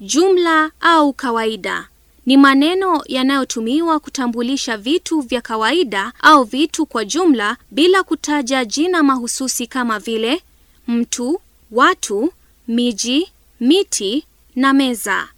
Jumla au kawaida ni maneno yanayotumiwa kutambulisha vitu vya kawaida au vitu kwa jumla bila kutaja jina mahususi kama vile mtu, watu, miji, miti na meza.